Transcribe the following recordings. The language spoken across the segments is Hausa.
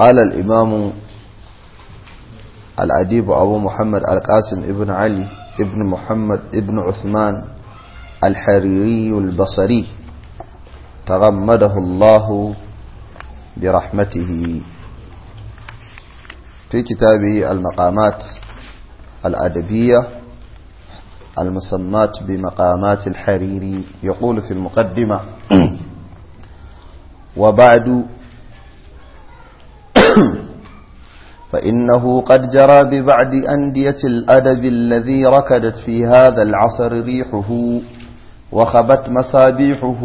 قال الإمام الأديب أبو محمد القاسم ابن علي ابن محمد ابن عثمان الحريري البصري تغمده الله برحمته في كتابه المقامات الأدبية المسمات بمقامات الحريري يقول في المقدمة وبعد فإنه قد جرى ببعد أندية الأدب الذي ركدت في هذا العصر ريحه وخبت مصابيحه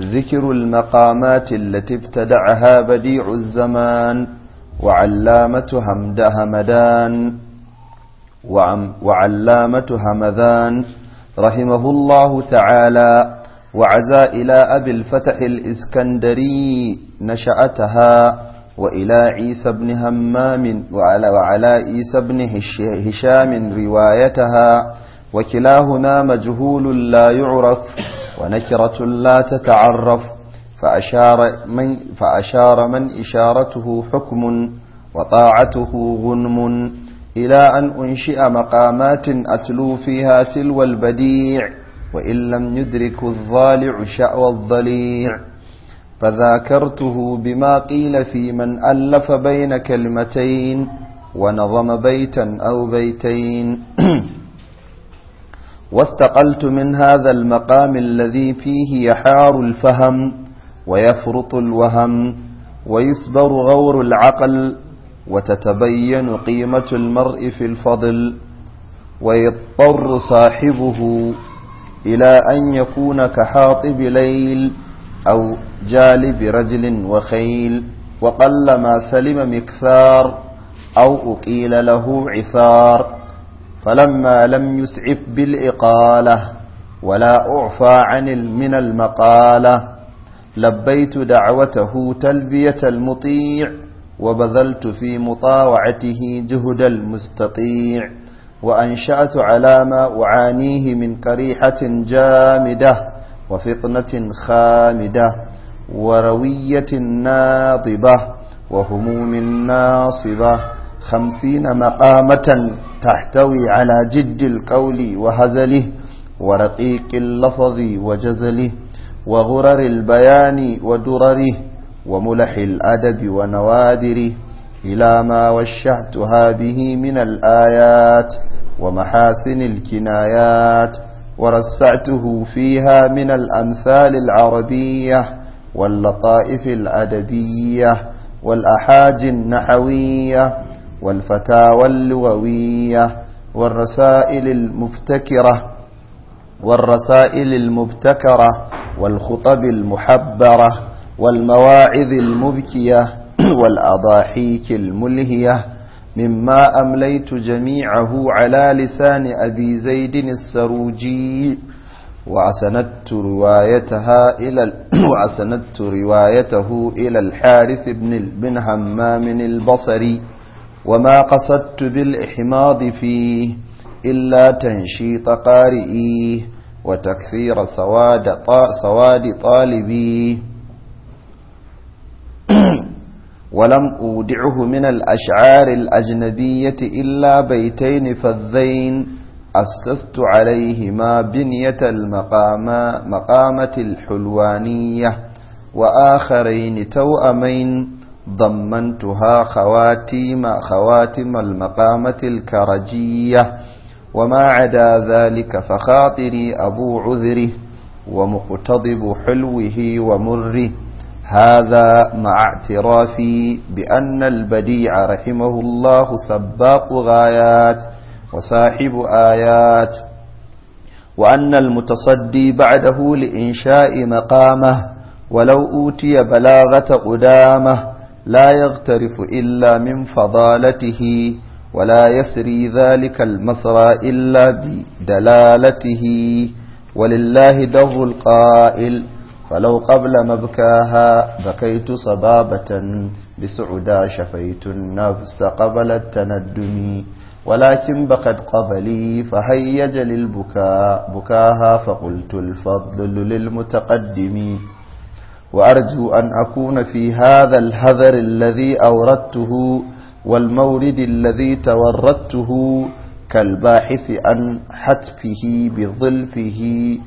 ذكر المقامات التي ابتدعها بديع الزمان وعلامة همد همدان وعلامة همذان رحمه الله تعالى وعزا إلى أبي الفتح الإسكندري نشأتها وإلى عيسى بن همام وعلى, وعلى عيسى بن هشام روايتها وكلاهما مجهول لا يعرف ونكرة لا تتعرف فأشار من, فأشار من إشارته حكم وطاعته غنم إلى أن أنشئ مقامات أتلو فيها تلو البديع وإن لم يدرك الظالع شأو الضليع فذاكرته بما قيل في من ألف بين كلمتين ونظم بيتا أو بيتين واستقلت من هذا المقام الذي فيه يحار الفهم ويفرط الوهم ويسبر غور العقل وتتبين قيمة المرء في الفضل ويضطر صاحبه إلى أن يكون كحاطب ليل أو جالب رجل وخيل وقل ما سلم مكثار أو أقيل له عثار فلما لم يسعف بالإقالة ولا أعفى عن من المقالة لبيت دعوته تلبية المطيع وبذلت في مطاوعته جهد المستطيع وأنشأت على ما أعانيه من كريحة جامدة وفطنة خامدة وروية ناطبة وهموم ناصبة خمسين مقامة تحتوي على جد القول وهزله ورقيق اللفظ وجزله وغرر البيان ودرره وملح الأدب ونوادره إلى ما وشعتها به من الآيات ومحاسن الكنايات ورسعته فيها من الأمثال العربية واللطائف الأدبية والأحاج النحوية والفتاوى اللغوية والرسائل المبتكرة والرسائل المبتكرة والخطب المحبرة والمواعظ المبكية والأضاحيك الملهية مما أمليت جميعه على لسان أبي زيد السروجي وأسندت روايتها إلى وأسندت روايته إلى الحارث بن بن همام البصري وما قصدت بالإحماض فيه إلا تنشيط قارئيه وتكثير سواد طالبيه ولم أودعه من الأشعار الأجنبية إلا بيتين فذين أسست عليهما بنية المقام مقامة الحلوانية وآخرين توأمين ضمنتها خواتيم خواتم المقامة الكرجية وما عدا ذلك فخاطري أبو عذره ومقتضب حلوه ومره هذا مع اعترافي بأن البديع رحمه الله سباق غايات وصاحب آيات وأن المتصدي بعده لإنشاء مقامه ولو أوتي بلاغة قدامه لا يغترف إلا من فضالته ولا يسري ذلك المسرى إلا بدلالته ولله در القائل فلو قبل مبكاها بكيت صبابة بسعدا شفيت النفس قبل التندم ولكن بقد قبلي فهيج للبكاء بكاها فقلت الفضل للمتقدم وأرجو أن أكون في هذا الهذر الذي أوردته والمورد الذي توردته كالباحث عن حتفه بظلفه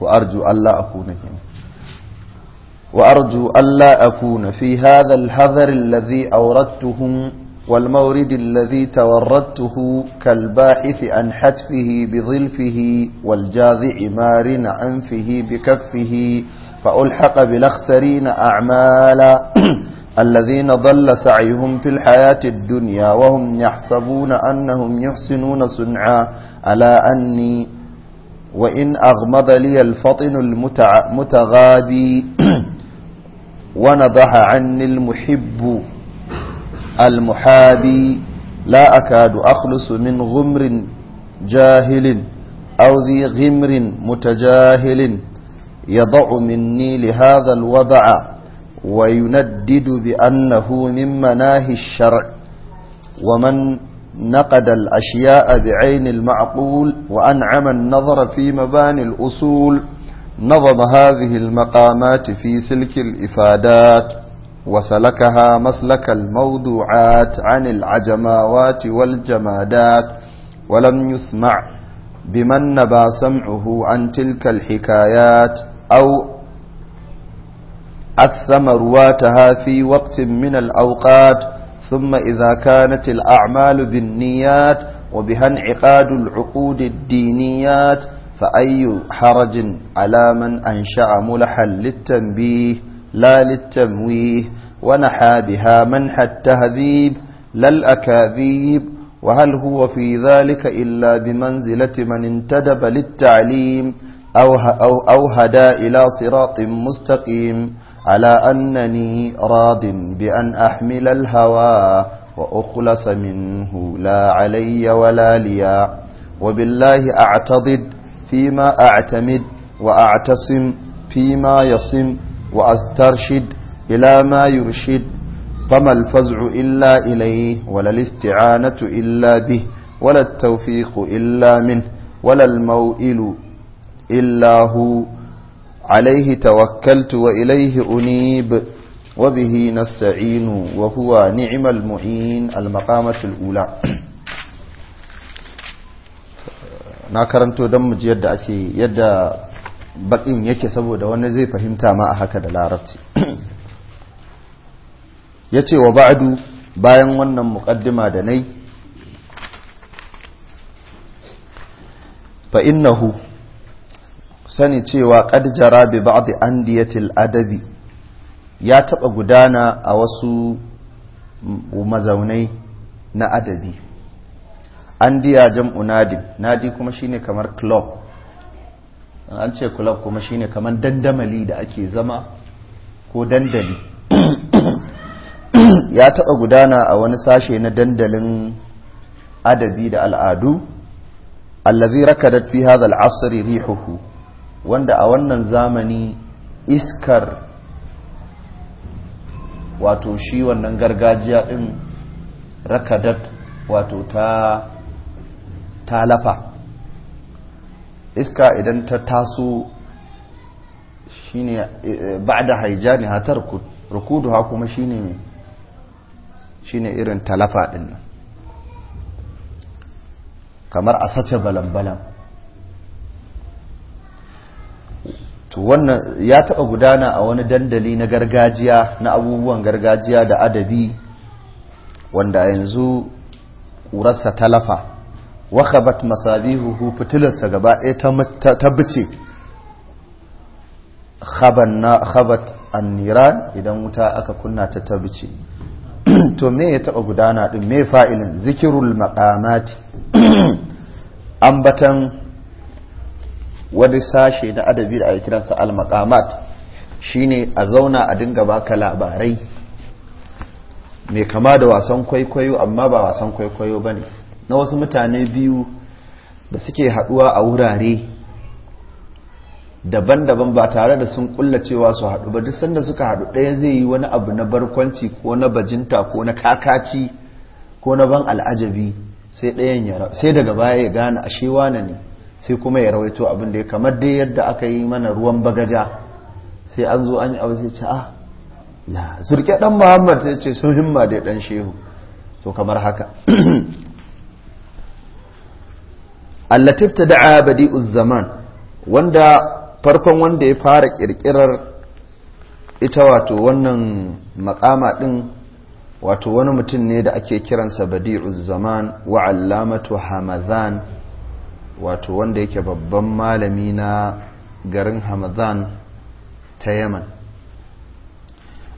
وأرجو ألا أكون هنا وأرجو ألا أكون في هذا الحذر الذي أوردته والمورد الذي توردته كالباحث عن حتفه بظلفه والجاذع مارن عنفه بكفه فألحق بالأخسرين أعمالا الذين ضل سعيهم في الحياة الدنيا وهم يحسبون أنهم يحسنون صنعا ألا أني وإن أغمض لي الفطن المتغابي ونضح عني المحب المحابي لا أكاد أخلص من غمر جاهل أو ذي غمر متجاهل يضع مني لهذا الوضع ويندد بأنه من مناهي الشرع ومن نقد الأشياء بعين المعقول وأنعم النظر في مباني الأصول نظم هذه المقامات في سلك الإفادات وسلكها مسلك الموضوعات عن العجماوات والجمادات ولم يسمع بمن نبى سمعه عن تلك الحكايات أو أثم رواتها في وقت من الأوقات ثم إذا كانت الأعمال بالنيات وبها انعقاد العقود الدينيات فأي حرج على من أنشأ ملحا للتنبيه لا للتمويه ونحى بها منح التهذيب لا الأكاذيب وهل هو في ذلك إلا بمنزلة من انتدب للتعليم أو, أو, أو هدى إلى صراط مستقيم على أنني راض بأن أحمل الهوى وأخلص منه لا علي ولا لي وبالله أعتضد فيما أعتمد وأعتصم فيما يصم وأسترشد إلى ما يرشد فما الفزع إلا إليه ولا الاستعانة إلا به ولا التوفيق إلا منه ولا الموئل إلا هو عليه توكلت وإليه أنيب وبه نستعين وهو نعم المعين المقامة الأولى na karanto don mu ji yadda ake yadda bakin yake saboda wani zai fahimta ma a haka da larabci ya ce wa ba'adu bayan wannan muƙaddima da nai fa innahu sani cewa qad jara bi andiyatil adabi ya taba gudana a wasu mazaunai na adabi andiya jam'u nadi nadi kuma shine kamar club an ce club kuma shine kamar dandamali da ake zama ko dandali ya taba gudana a wani sashe na dandalin adabi da al'adu allazi rakadat fi hadha al'asr rihuhu wanda a wannan zamani iskar wato shi wannan gargajiya ɗin rakadat wato ta talafa iska idan ta taso shine eh, ba'da haijani hatar ha kuma shine shine irin talafa din kamar a sace balambalan to wannan ya taɓa gudana a wani dandali na gargajiya na abubuwan gargajiya da adabi wanda yanzu ƙurarsa talafa wakabat masabihuhu fitilarsa gaba ɗaya ta bice khabat anniran idan wuta aka kunna ta ta bice to me ya taɓa gudana ɗin me fa'ilin zikirul maƙamati ambatan wani sashe na adabi da ake kiransa al-maqamat shine a zauna a dinga baka labarai mai kama da wasan kwaikwayo amma ba wasan kwaikwayo bane na wasu mutane biyu da suke haduwa a wurare daban-daban ba tare da sun kulla cewa su haɗu ba duk sanda suka haɗu ɗaya zai yi wani abu na barkwanci ko na bajinta ko na kakaci ko na ban al'ajabi sai daga baya ya gane ashe wane ne sai kuma ya rawaito abin da ya kamar dai yadda aka yi mana ruwan bagaja sai an zo an yi abu sai ce ah la surke dan muhammad sai ce sun himma da dan shehu to kamar haka allatif ta da'a badi'uz zaman wanda farkon wanda ya fara kirkirar ita wato wannan makama ɗin wato wani mutum ne da ake kiransa badi zaman wa allamatu hamadan. wato wanda yake babban malami na garin hamadan ta yaman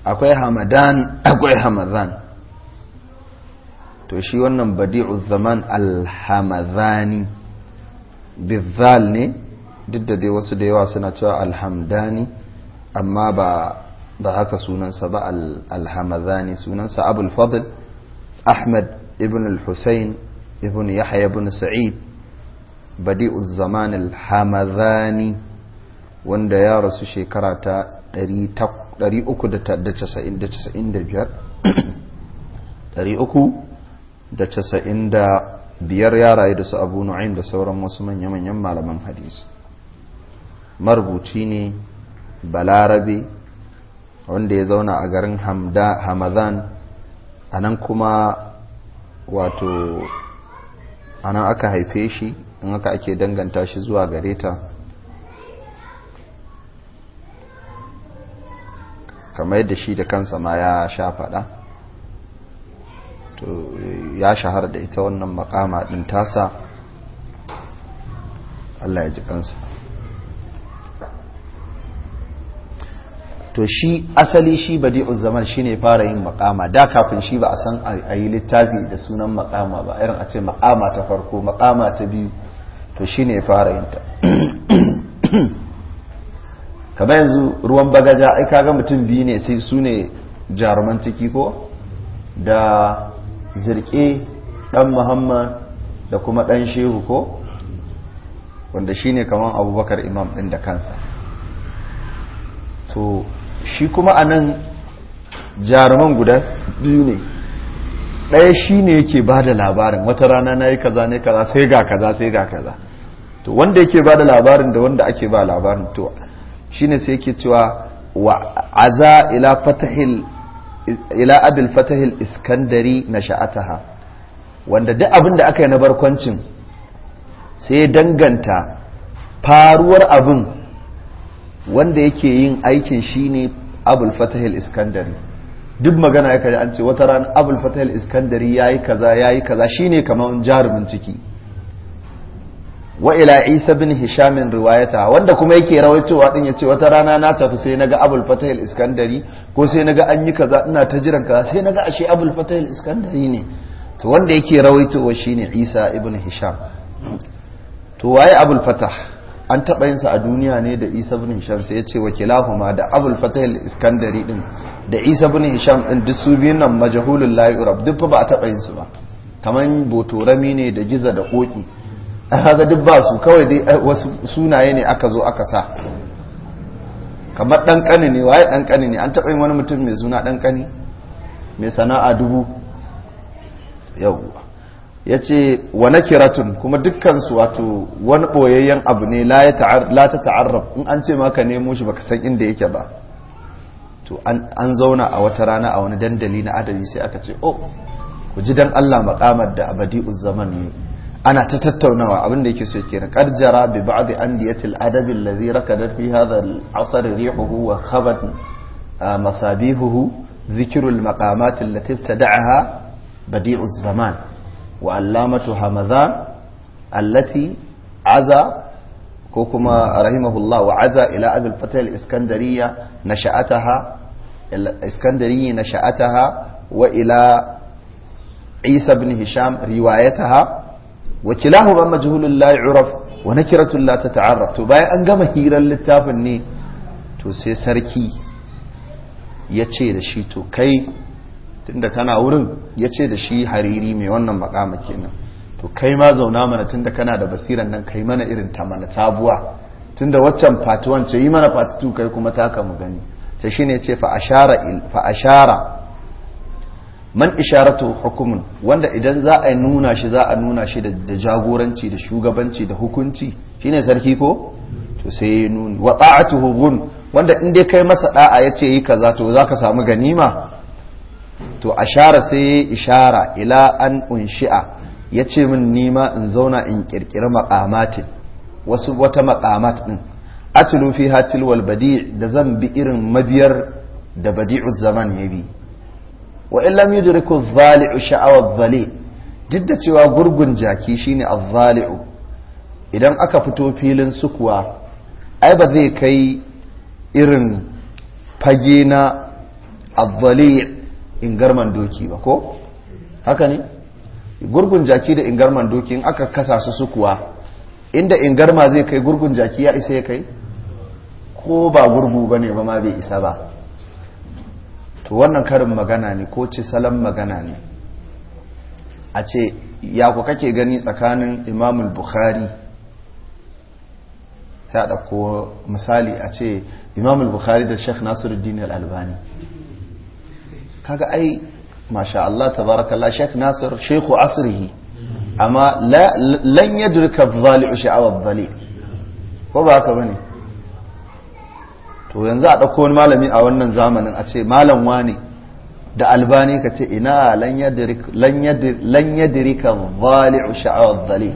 akwai hamadan akwai hamadan to shi wannan badi'u zaman alhamadani bizal ne duk da dai wasu da yawa suna cewa alhamdani amma ba ba haka sunansa ba alhamadani sunansa abul fadl ahmad ibn al-husayn ibn yahya ibn sa'id badi'uz zaman al-hamadani wanda ya rasu shekara ta 395 biyar ya rayu da su abu nu'aim da sauran wasu manya-manyan malaman hadisi marubuci ne balarabe wanda ya zauna a garin hamadan a nan kuma wato a nan aka haife shi in haka ake danganta shi zuwa gare ta kamar yadda shi da kansa ma ya sha faɗa ya shahara da ita wannan makama ɗin tasa Allah ya ji kansa to shi asali shi badi'u zaman ne fara yin makama da kafin shi ba a san a yi littafi da sunan makama ba irin a ce makama ta farko makama ta biyu to shi ne fara yin ta kamar yanzu ruwan bagaja ai ga mutum biyu ne sai su ne jaruman ciki ko da zirke dan muhamma da kuma dan shehu ko wanda shi ne kamar abubakar imam ɗin da kansa to shi kuma a nan jaruman guda biyu ne ɗaya shi ne yake ba da labarin wata rana na yi kaza ne kaza sai ga kaza sai ga kaza to wanda yake ba da labarin da wanda ake ba labarin to shi ne sai yake cewa wa aza ila ila fatahil iskandari na sha'ataha wanda duk abin da aka yi na barkwancin sai danganta faruwar abin wanda yake yin aikin ne abul fatahil iskandari duk magana ya kaji an ce wata ran abul fatahil iskandari ya yi kaza ya yi kaza shine kamar jarumin ciki wa ila isa bin hishamin riwayata wanda kuma yake rawaitowa din ce wata rana na tafi sai naga abul fatahil iskandari ko sai naga an yi kaza ina ta jiran kaza sai naga ashe abul fatahil iskandari ne to wanda yake rawaitowa shine isa ibn hisham to waye abul fatah an taɓa yinsa a duniya ne da isa bin hisham sai ya ce wakilahuma da abul fatahil iskandari din da isa bin hisham din duk su biyun nan majahulun layi urab duk ba a taɓa yinsu ba kamar botorami ne da giza da koki haka duk ba su kawai dai eh, wasu sunaye ne aka zo aka sa kamar ɗan ƙani ne waye ɗan ƙani ne an taɓa yin wani mutum mai suna ɗan ƙani mai sana'a dubu yawwa ya ce wa na kiratun kuma dukkansu wato wani ɓoyayyen abu ne la ta ta'arraf in an ce maka nemo shi baka san inda yake ba to an zauna a wata rana a wani dandali na adabi sai aka ce oh ku ji dan Allah makamar da abadi zaman ne ana ta tattaunawa abinda da yake so yake qad jara bi ba'd andiyatil adabi allazi rakadat fi hadha al-asr rihuhu wa khabat masabihuhu dhikrul maqamat allati ibtada'aha badi'uz zaman wa allamatu hamadan allati aza ko kuma rahimahullah wa aza ila abul fatal iskandariya nasha'ataha iskandariyi wa ila isa bin hisham riwayataha wa kilahuma majhulun la yu'raf wa nakiratun la tata'arraf to bayan an gama hirar littafin ne to sai sarki ya ce da shi to kai tunda kana wurin ya ce da shi hariri mai wannan makama kenan to kai ma zauna mana tunda kana da basiran nan kai mana irin ta mana tabuwa tunda waccan fatuwan ce yi mana fatutu kai kuma ta kamu gani ta shi ne fa fa ashara man isharatu hukumun wanda idan za a nuna shi za a nuna shi da jagoranci da shugabanci da hukunci shine sarki ko to sai nuni wa ta'atuhu hukun wanda in dai kai masa da'a ce yi kaza to za ka samu ganima to ashara sai ya ishara ila an unshi'a ya ce min nima in zauna in kirkiri maƙamatin wasu wata maƙamat ɗin atulu fi hatil wal badi da zan bi irin mabiyar da badi'u zaman ya bi wa in lam yudriku dhali'u sha'awa dhali duk da cewa gurgun jaki shine adh-dhali'u idan aka fito filin sukuwa ai ba zai kai irin fage na adh ingarman doki ba ko haka ne gurgun jaki da ingarman doki in aka kasa su su kuwa inda ingarma zai kai gurgun jaki ya isa ya kai ko ba gurgu ba ne ba ma bai isa ba to wannan karin magana ne ko ci salon magana ne a ce ya ku kake gani tsakanin imamul bukhari ta ko misali a ce imamul bukhari da sheikh nasiruddin al-albani kaga ai masha Allah tabarakallah Sheikh Nasir Sheikhu asrihi amma lan yadrika dhali'u sha'awa dhali ko ba haka bane to yanzu a dauko wani malami a wannan zamanin a ce malam wani da albani ka ce ina lan yadrik lan yadrika dhali'u sha'awa dhali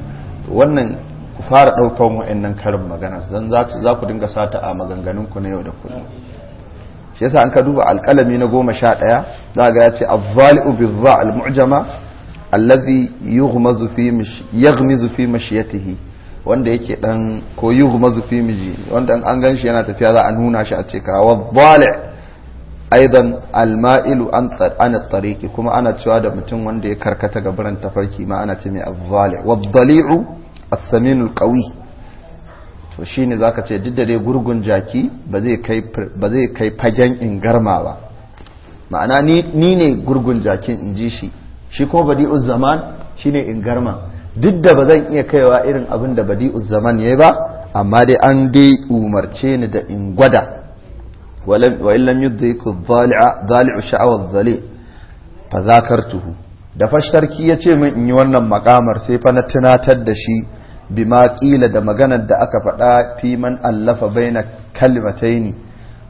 wannan ku fara daukan wa'annan karin magana zan za ku dinga sata a maganganun ku na yau da kullum shi yasa an ka duba alƙalami na goma sha ɗaya za ga ya ce azzali'u bizza al-mu'jama allazi yughmazu fi yaghmizu fi mashiyatihi wanda yake dan ko yughmazu fi miji wanda an ganshi yana tafiya za a nuna shi a ce ka wadhali aidan al-ma'ilu an an kuma ana cewa da mutum wanda ya karkata gabaran tafarki ma ana ce mai azzali wadhali'u as saminul qawi to shi ne za ka ce duk da dai gurgun jaki ba zai kai fagen in garma ba ma'ana ni ne gurgun jakin in ji shi shi ko badi'u zaman in garma. duk da ba zan iya kaiwa irin abin da badi'u zaman yi ba amma dai an dai umarce ni da in gwada wa illam yudhiku dhali'a dhali'u sha'awa dhali fa tuhu. da fashtarki ya ce min in yi wannan makamar sai fa na tunatar da shi bima ƙila da maganar da aka faɗa fi man allafa baina kalmataini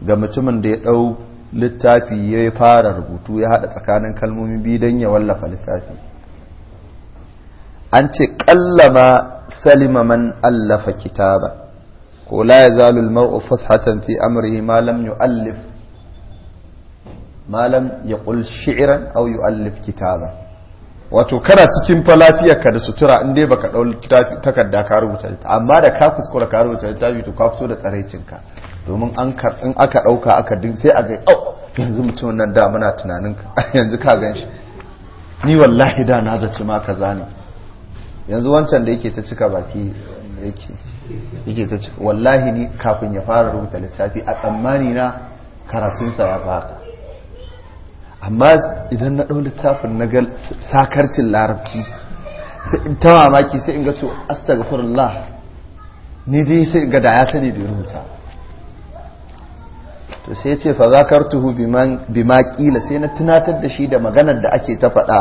ga mutumin da ya ɗau littafi ya fara rubutu ya haɗa tsakanin kalmomi biyu dan ya wallafa littafi an ce ƙallama salima man allafa kitaba ko la ya zalul mar'u fashatan fi amrihi ma lam yu'allif ma lam yaqul shi'ran aw yu'allif kitaba wato kana cikin fa ka da sutura in dai baka dau takarda ka rubuta ta amma da ka kuskura ka rubuta littafi to ka fito da ka domin an in aka dauka aka din sai a ga au oh, yanzu mutum nan da muna tunanin yanzu ka ganshi ni wallahi da na zaci ma kaza ne yanzu wancan da yake ta cika baki yake yake ta wallahi ni kafin ya fara rubuta littafi a tsammani na karatunsa ya fara amma idan na ɗau littafin na ga sakarcin larabci sai in ta mamaki sai in ga to astagfirullah ni dai sai ga da ya sani bai rubuta to sai ya ce fa zakartuhu ma kila sai na tunatar da shi da maganar da ake ta faɗa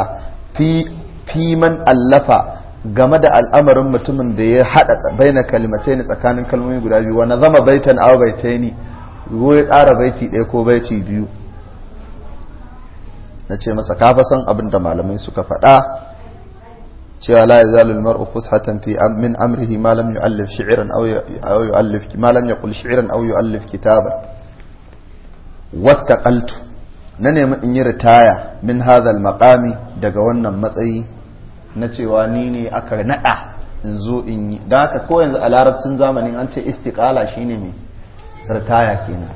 fi man allafa game da al'amarin mutumin da ya haɗa baina kalimatai ne tsakanin kalmomi guda biyu na zama baitan awa baitai ne ya tsara baiti ɗaya ko baiti biyu na ce masa ka san abin da malamai suka faɗa cewa la yazalul mar'u fushatan fi min amrihi ma lam yu'allif shi'ran aw yu'allif ma lam yaqul shi'ran aw yu'allif na nemi in yi ritaya min hadhal maqami daga wannan matsayi na cewa ni ne aka nada in zo in yi da haka ko yanzu a larabcin zamanin an ce istiqala shine me ritaya kenan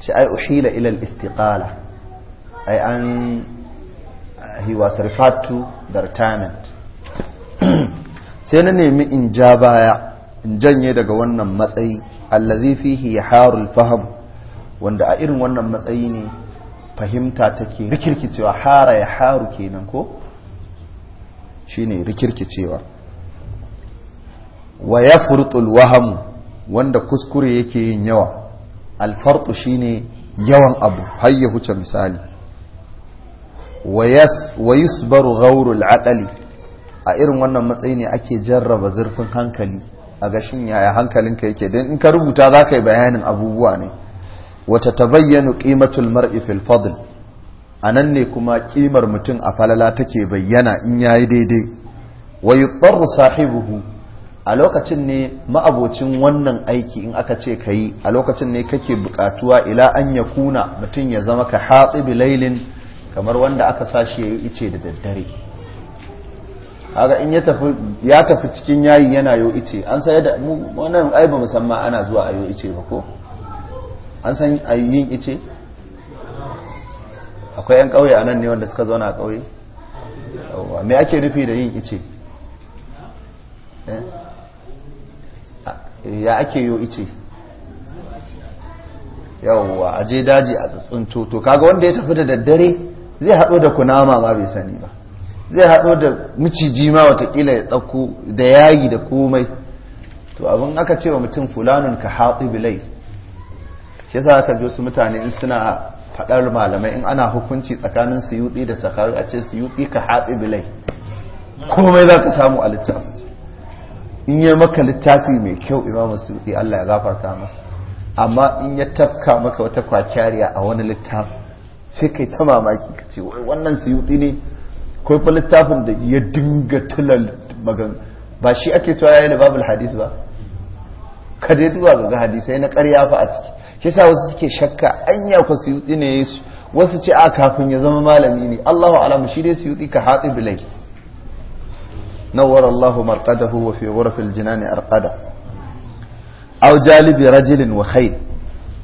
ci ai uhila ila al-istiqala ai an he was referred to the retirement sai na nemi in ja baya in janye daga wannan matsayi allazi fihi harul faham wanda a irin wannan matsayi ne fahimta take rikirkicewa hara ya haru kenan ko shine rikirkicewa wa yafrutul waham wanda kuskure yake yin yawa alfartu shine yawan abu har ya huce misali wa yusbaru ghaurul aqali a irin wannan matsayi ne ake jarraba zurfin hankali a gashin yaya hankalinka yake don in ka rubuta za ka yi bayanin abubuwa ne wata ta qimatul mar'i fil fadl anan ne kuma kimar mutum a falala take bayyana in yayi daidai wa yuttaru sahibuhu a lokacin ne ma'abocin wannan aiki in aka ce ka yi a lokacin ne kake bukatuwa ila an ya kuna mutum ya zama ka hatsi bilailin kamar wanda aka sashi ya yi ice da daddare haka in ya tafi cikin yayi yana yau ice an sayar da wannan aiba musamman ana zuwa a yau ice ba ko an san yin ice akwai 'yan ƙauye a nan ne wanda suka zauna a ƙauye me ake nufi da yin ice eh? ya ake yau ice yawwa aje daji a tsatsinto to kaga wanda ya tafi da daddare zai haɗo da kunama ma bai sani ba zai haɗo da miciji ma watakila ya ɗauko da yayi da komai to abin aka ce wa mutum fulanun ka haɗu bilai shi yasa aka ji wasu mutane in suna faɗar malamai in ana hukunci tsakanin suyuɗi da sakari a ce suyuɗi ka haɗu bilai komai za ka samu a littafi. in yi maka littafi mai kyau imamu suyuɗi allah ya gafarta masa amma in ya tafka maka wata kwakyariya a wani littafi sai kai ta mamaki ka ce wannan suyuti ne kai fa littafin da ya dinga tilal magan ba shi ake cewa yayin babu hadis ba ka dai duba ga hadisai na ƙarya fa a ciki shi yasa wasu suke shakka anya ku suyuti ne yesu wasu ce a kafin ya zama malami ne Allahu alamu shi dai suyuti ka hatsi bilai nawwara Allahu marqadahu wa fi ghurfil jinani arqada aw jalibi rajulin wa khayl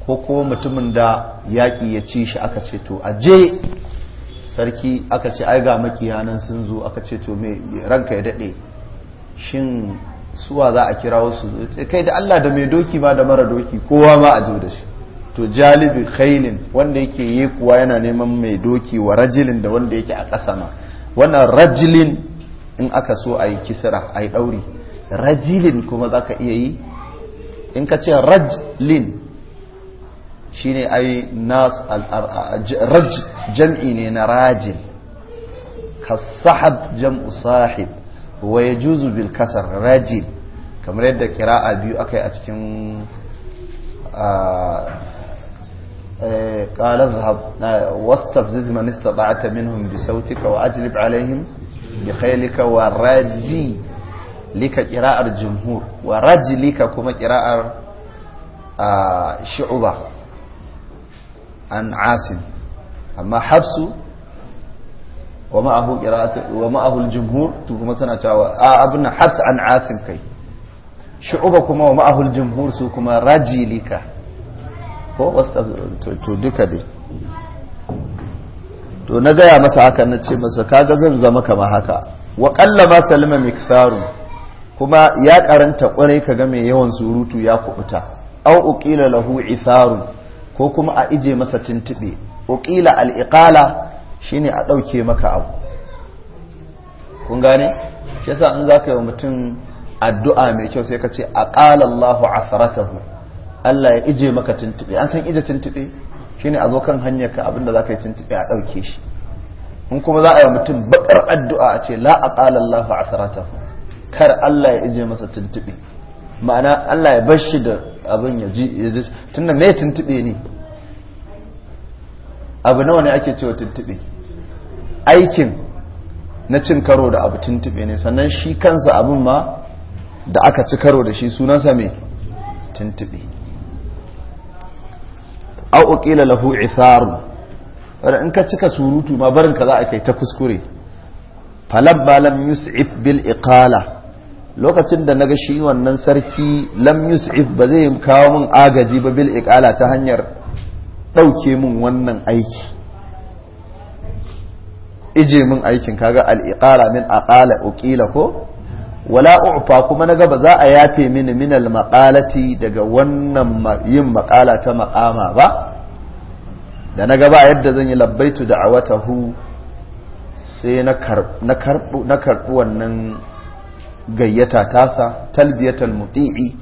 ko ko mutumin da yaƙi ya ci shi aka ce to a je sarki aka ce ai ga makiyanan sun zo aka ce to me ranka ya daɗe shin suwa za a kira wasu eh, kai da Allah da mai doki ma da mara doki kowa ma a zo da shi to jalibi khailin wanda yake yi kuwa yana neman mai doki wa rajilin da wanda yake a ƙasa ma wannan rajilin in aka so a yi kisira a yi ɗauri rajilin kuma za ka iya yi in ka ce rajilin شيني أي ناس الرج جمعيني نراجل كالصحب جمع صاحب ويجوز بالكسر راجل كم ريد كراءة بيو أكي أتكم آه، إيه، قال اذهب واستفزز من استطعت منهم بصوتك وأجلب عليهم بخيلك وراجي لك كراءة الجمهور وراجي لك كما كراءة آه، شعبه an asim amma hafsu wa ma'ahu qira'atu wa ma'ahu al-jumhur to kuma cewa a abuna hafs an asim kai shu'uba kuma wa ma'ahu al-jumhur su kuma rajilika ko to duka dai to na gaya masa haka na ce masa kaga zan zama kama haka wa ma salima kuma ya karanta kwarai kaga mai yawan surutu ya kubuta au lahu ko kuma a ije masa tuntube ukila al-iqala shine a dauke maka abu kun gane shi yasa in zaka yi mutum addu'a mai kyau sai ka ce aqala Allahu atharatahu Allah ya ije maka tuntube an san ije tuntube shine a zo kan hanyar ka abinda zaka yi tuntube a ɗauke shi in kuma za a yi mutum bakar addu'a a ce la aqala Allahu atharatahu kar Allah ya ije masa tuntube ma'ana Allah ya bar shi da abin ya ji tunda mai tuntube ne abu nawa ne ake cewa tuntube aikin na cin karo da abu tuntube ne sannan shi kansa abin ma da aka ci karo da shi sunansa me tuntube au uqila lahu itharun wanda in ka cika surutu ma barin ka za a kai ta kuskure falabba lam yus'ib bil iqala lokacin da naga shi wannan sarki lam yus'if ba zai kawo min agaji ba bil iqala ta hanyar dauke min wannan aiki ije min aikin kaga al iqara min aqala uqila ko wala u'fa kuma naga ba za a yafe mini min al maqalati daga wannan yin maqala ta maqama ba da naga ba yadda zan yi labbaitu da'awatahu sai na karbu na karbu wannan gayyata tasa talbiyatal muti'i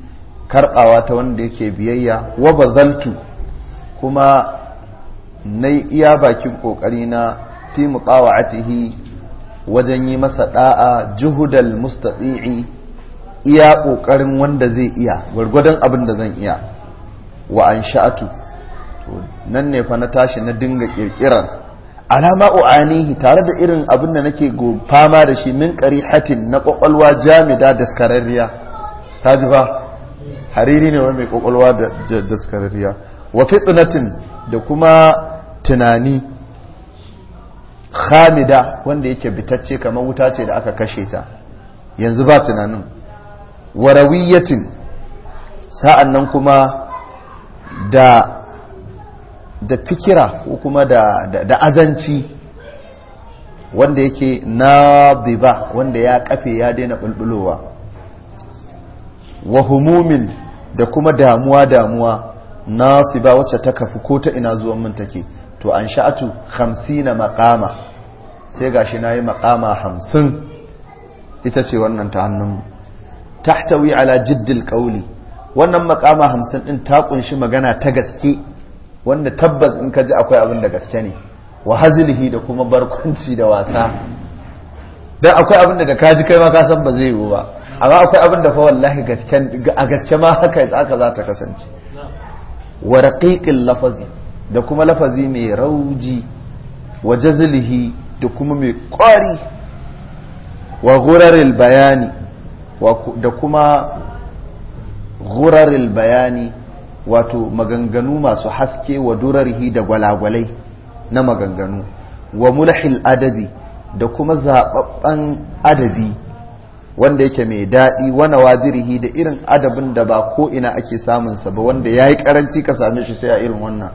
karbawa ta wanda yake biyayya wa bazantu kuma na iya bakin kokari na fi muqawatihi wajen yi masa da'a juhudal mustati'i iya kokarin wanda zai iya gwargwadon abin da zan iya wa an sha'atu nan ne fa na tashi na dinga kirkirar alama u'anihi tare da irin abin da nake fama da shi min hatin na kwakwalwa jami'a daskararriya ta ji ba hariri ne mai kwakwalwa da daskararriya wa fitnatin da kuma tunani khamida wanda yake bitacce kamar wuta ce da aka kashe ta yanzu ba tunanin warawiyatin sa'an nan kuma da da fikira ko kuma da azanci wanda yake na nadiba wanda ya kafe ya daina bulbulowa wa humumin da kuma damuwa damuwa ba wacce ta kafu ko ta ina zuwan mun take to an sha'atu 50 maqama sai gashi nayi maqama 50 ita ce wannan ta hannun tahtawi ala jiddil qawli wannan maqama 50 din ta kunshi magana ta gaske wanda tabbas in ka ji akwai abin da gaske ne wa hazilihi da kuma barkwanci da wasa dan akwai abin da ka ji kai ma ka san ba zai yiwu ba amma akwai abin da fa wallahi gaske. a gaske ma haka haka za ta kasance wa raqiqil lafazi da kuma lafazi mai rauji wa jazlihi da kuma mai kwari wa ghuraril bayani da kuma ghuraril bayani wato maganganu masu haske wa durarhi da gwalagwalai na maganganu wa mulahil adabi da kuma zaɓaɓɓen adabi wanda yake mai daɗi wani wazirihi da irin adabin da ba ko ina ake sa ba wanda ya yi ƙaranci ka same shi sai a irin wannan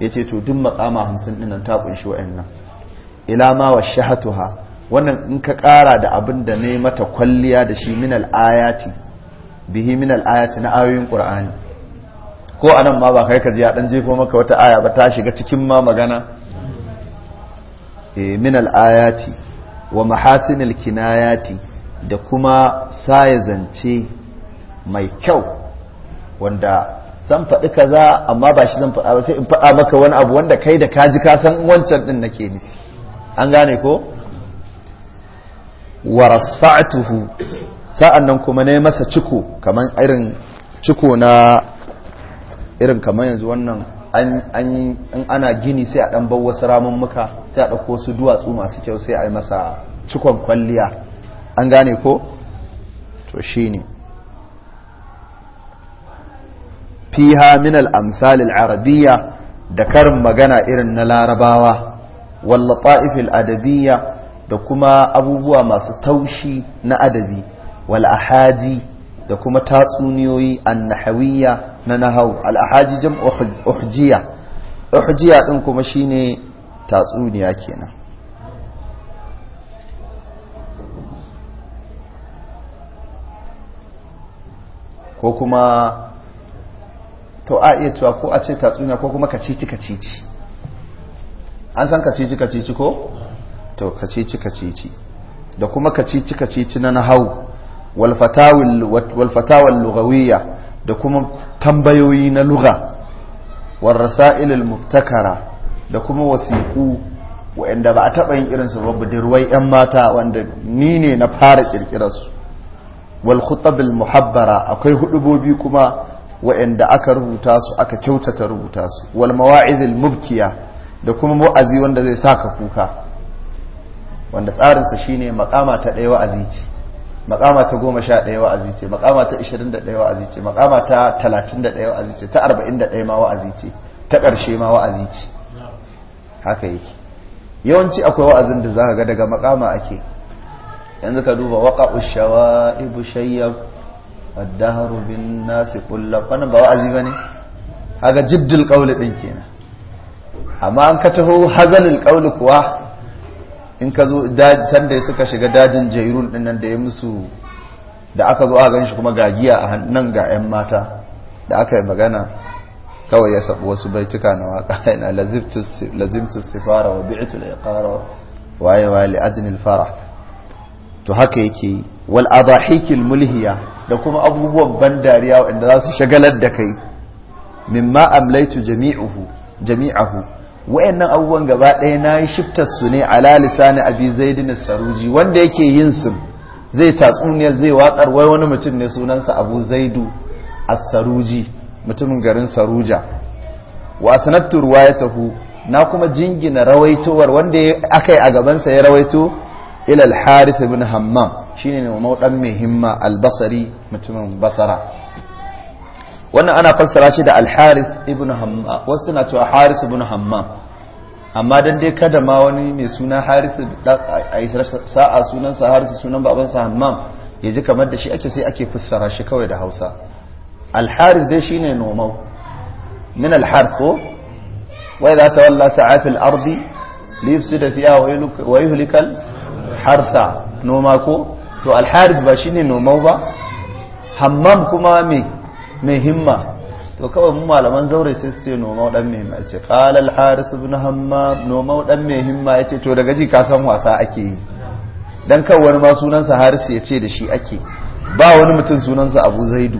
ya ce to duk makama hamsin dinan ta kunshi wa'annan ila ma wa shahatuha wannan in ka ƙara da abin da ne mata kwalliya da shi min ayati bihi min ayati na ayoyin ƙur'ani ko anan ma ba kai ka ji ya dan jefo maka wata aya ba ta shiga cikin ma magana eh, min al-ayati wa mahasin al-kinayati da kuma saya zance mai kyau wanda san faɗi kaza amma ba shi zan faɗa ba sai in faɗa maka wani abu wanda kai da kaji ka san wancan din nake ne an gane ko warasa'tuhu sa'annan kuma ne masa ciko kaman irin ciko na irin kamar yanzu wannan an ana gini sai a dan bar wasu ramun muka sai a ɗauko su duwatsu masu kyau sai a yi masa cikon kwalliya an gane ko to shine fiha min al-amsal al-arabiyya da karin magana irin na larabawa walla al adabiyya da kuma abubuwa masu taushi na adabi wal ahaji da kuma tatsuniyoyi annahawiyya na nahau al'ahaji jam ohjiya ohjiya ɗin kuma shine tatsuniya kenan ko kuma to a iya cewa ko a ce tatsuniya ko kuma kacici kacici an san kacici kacici ko to kacici kacici da kuma kacici kacici na nahau wal fatawil lughawiyya da kuma tambayoyi na luga warrasa'il al-muftakara da kuma wasiƙu wa'anda ba a taɓa yin irin su ba budurwai yan mata wanda ni ne na fara ƙirƙirarsu wal khutab muhabbara akwai hudubobi kuma wa'anda aka rubuta su aka kyautata rubuta su wal mawa'izil mubkiya da kuma wa'azi wanda zai ka kuka wanda tsarinsa shine makama ta ɗaya wa'azi ce makama ta goma sha ɗaya wa'azi ce makama ta ishirin da ɗaya wa'azi ce makama ta talatin da ɗaya wa'azi ce ta arba'in da ɗaya ma wa'azi ce ta ƙarshe ma wa'azi ce haka yake yawanci akwai wa'azin da za ka ga daga makama ake yanzu ka duba waka ushawa ibu shayyar addaharu bin nasi kullab wannan ba wa'azi ba ne haka jiddul ƙauli ɗin kenan amma an ka taho hazalul ƙauli kuwa in ka zo sanda suka shiga dajin jairun dinnan da ya musu da aka zo a gan shi kuma gagiya a hannun ga 'yan mata da aka yi magana kawai ya sabu wasu baituka na waka yana lazimtus sifara wa bi'itu da ya waye waye li ajnil fara to haka yake wal adahikil mulhiya da kuma abubuwan ban dariya waɗanda za su shagalar da kai mimma amlaitu jami'ahu wayannan abubuwan gaba ɗaya na yi shiftar su ne ala lisani abi na saruji wanda yake yin su zai tatsuniyar zai waƙar wai wani mutum ne sunansa abu zaidu a saruji mutumin garin saruja wa ya ruwayatahu na kuma jingina rawaitowar wanda akai a gabansa ya rawaito ilal al-harith ibn hammam shine ne mai himma albasari mutumin basara wannan ana fassara shi da al-harith ibn hamma wasu na cewa harith ibn hamma amma dan dai kada ma wani mai suna harith a yi sa'a sunan sa harith sunan baban sa hamma ya ji kamar da shi ake sai ake fassara shi kawai da Hausa al-harith dai shine nomau min al-harth ko wa idha tawalla sa'a fil ardi liyufsida fiha wa yuhlikal hartha noma ko to al-harith ba shine nomau ba hammam kuma me mai himma to kawai mu malaman zaure sai su ce noma dan mai himma ce qala al haris ibn hammam noma dan mai himma yace to daga ji ka san wasa ake yi dan kawai wani ma sunan sa haris yace da shi ake ba wani mutum sunan sa abu zaidu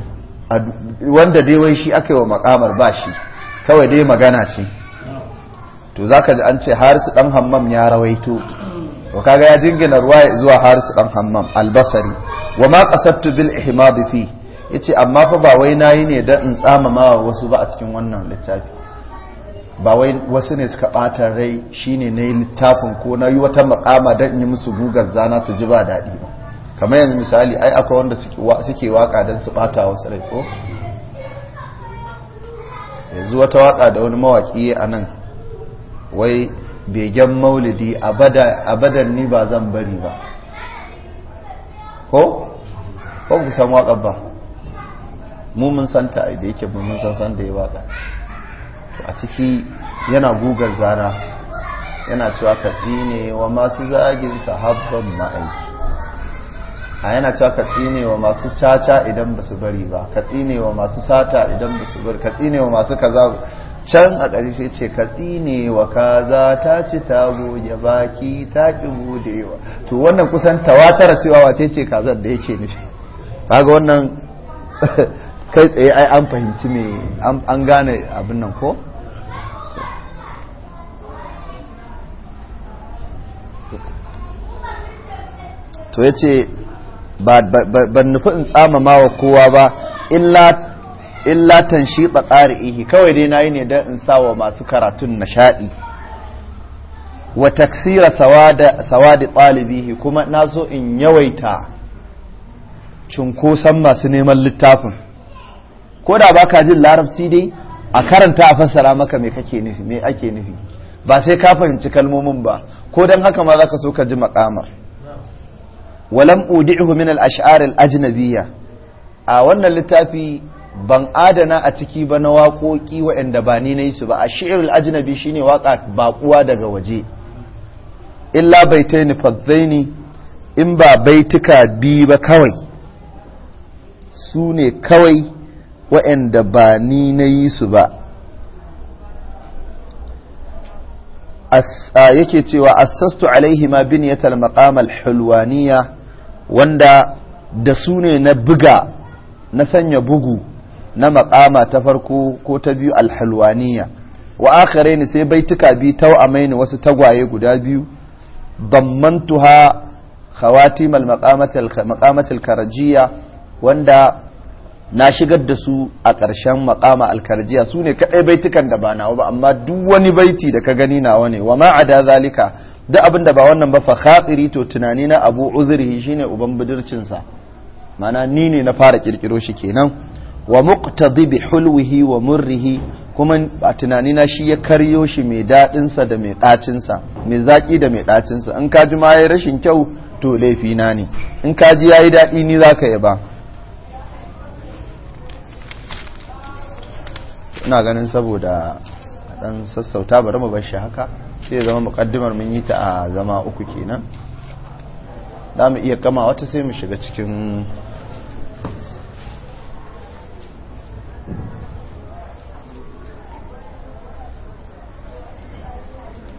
wanda dai wai shi aka wa makamar ba shi kawai dai magana ce to zaka ji an ce haris dan hammam ya rawaito wa kaga ya jingina ruwaya zuwa haris dan hammam albasari wa ma qasadtu bil ihmad fi ya amma fa ba wai na yi ne don in tsamamawa wasu ba a cikin wannan littafi ba wai wasu ne suka ɓata rai shine ne na yi littafin ko na yi wata makama don yi musu gugar zana su ji ba daɗi ba kamar yanzu misali ai akwai wanda suke waka don su ɓata wasu rai ko yanzu wata waka da wani mawaƙi a nan wai begen maulidi abadan ni ba zan bari ba ko? ko ku san waƙar ba mu mun santa da yake mu mun san san da ya waka a ciki yana gugar zana yana cewa ka tsine wa masu zagin sahabban ma'aiki a yana cewa ka tsine wa masu caca idan ba su bari ba ka tsine wa masu sata idan ba su bari ka tsine wa masu kaza can a ƙarshe ce ka tsine wa kaza ta ci ta goge baki ta ƙi wa to wannan kusan tawatar cewa wace ce kazar da yake nufi kaga wannan kai tsaye ai an fahimci me an gane abin nan ko to ya ce ban nufi in ma wa kowa ba illa tan shi ihi kawai dai na yi ne don in sa wa masu karatun nishaɗi wa taksira sawadi ɗalibihi kuma na so in yawaita cunkoson masu neman littafin ko da ba ka jin larabci dai a karanta a fassara maka me kake nufi me ake nufi ba sai ka fahimci kalmomin ba ko don haka ma za ka so ka ji makamar walam udihu min al-ash'ar al-ajnabiyya a wannan littafi ban adana a ciki ba na waƙoƙi waɗanda ba ni nayi su ba a al ajnabi shine waƙa baƙuwa daga waje illa baitaini fadzaini in ba baituka bi ba kawai su ne kawai waɗanda ba ni na yi su ba yake cewa assastu alaihi ma biniyatal maqamal hulwaniya wanda da su ne na buga na sanya bugu na makama ta farko ko ta biyu alhalwaniya wa akhare ne sai baituka biyu tawamai ne wasu tagwaye guda biyu dammantuha khawatim al karajiya wanda na shigar da su a ƙarshen maƙama alkarjiya su ne kaɗai baitukan da ba nawa ba amma duk wani baiti da ka gani nawa ne wa ma'ada zalika duk abin da ba wannan ba fa khatiri to tunani na abu shi shine uban budurcinsa mana ni ne na fara kirkiro shi kenan wa muqtadi bi hulwihi wa murrihi kuma a tunani na shi ya karyo shi mai daɗin da mai ɗacin mai zaki da mai ɗacin in ka ji ma yayi rashin kyau to laifi na ne in ka ji yayi daɗi ni za ka yaba ba ina ganin saboda dan sassauta bari mu bar shi haka sai zama mukaddimar mun yi ta a zama uku kenan zamu iya kama wata sai mu shiga cikin